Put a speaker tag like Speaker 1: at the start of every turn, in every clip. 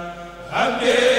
Speaker 1: Amen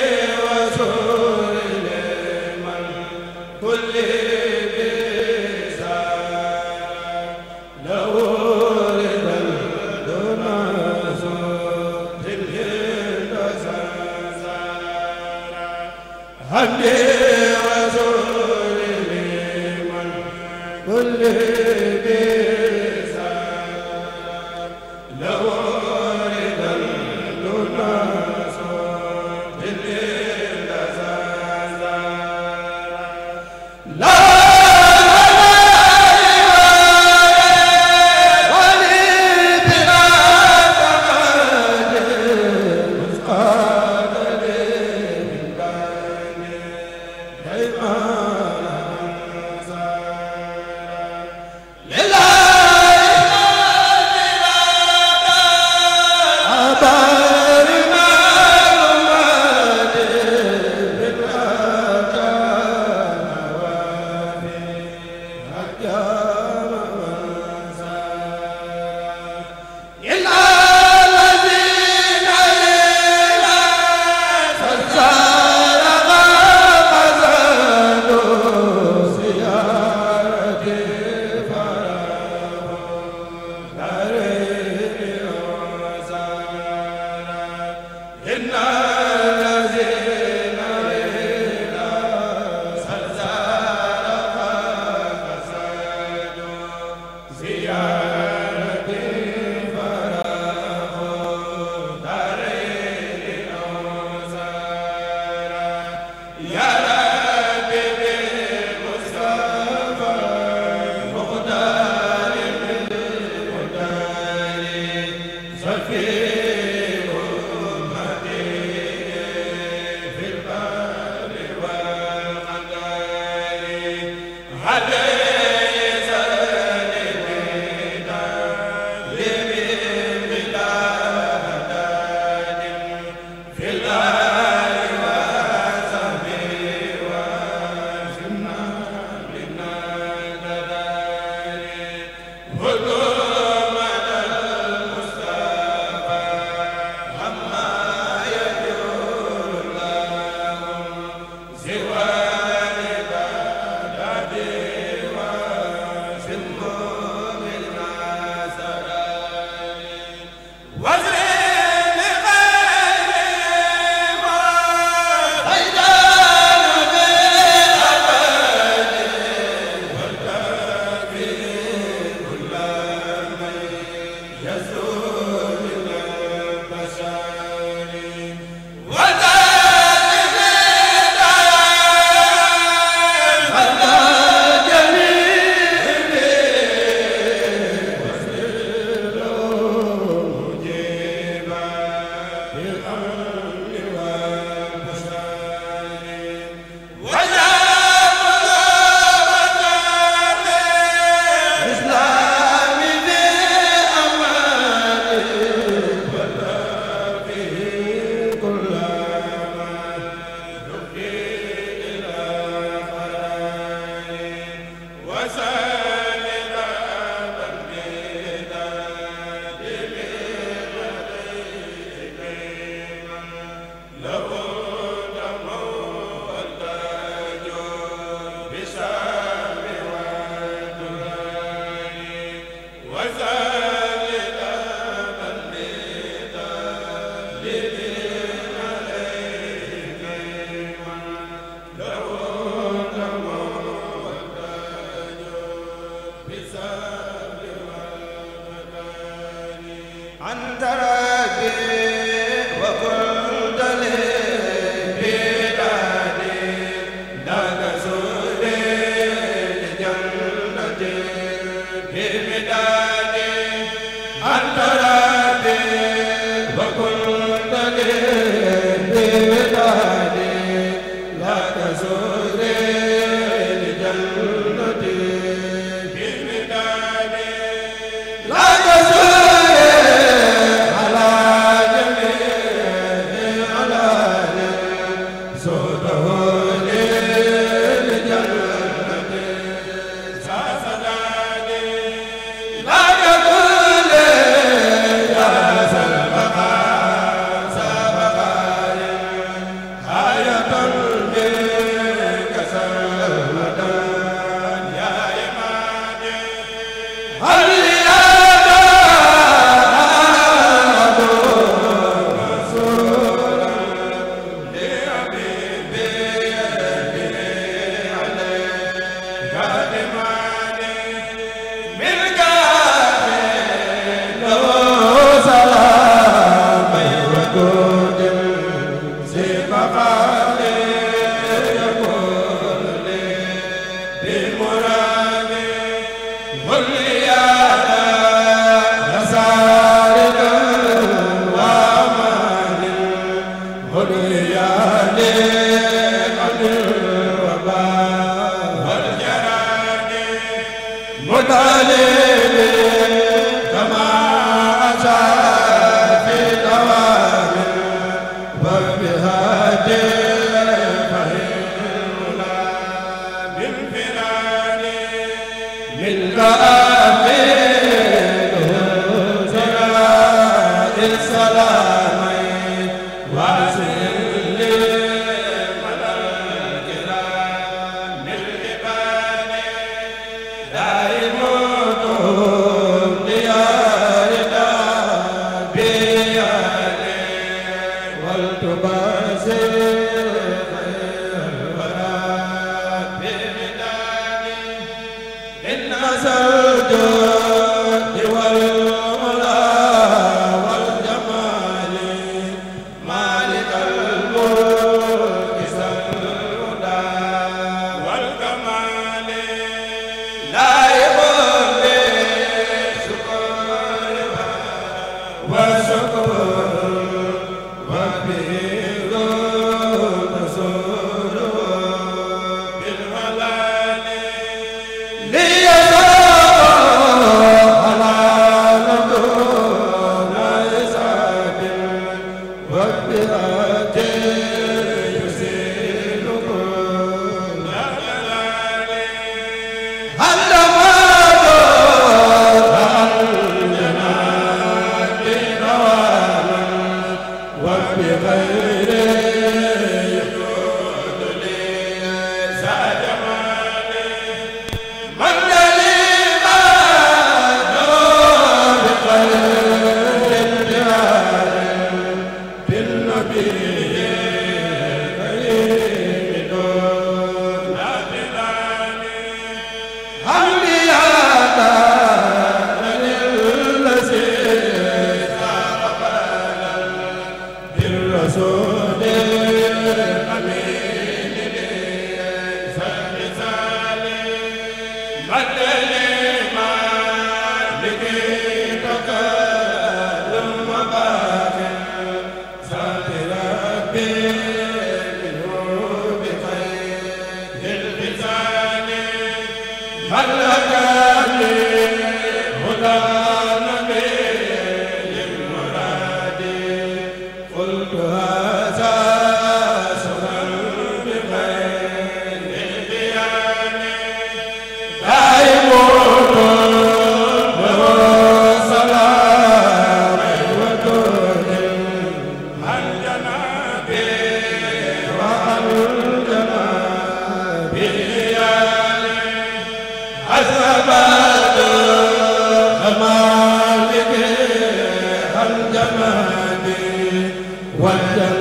Speaker 1: wa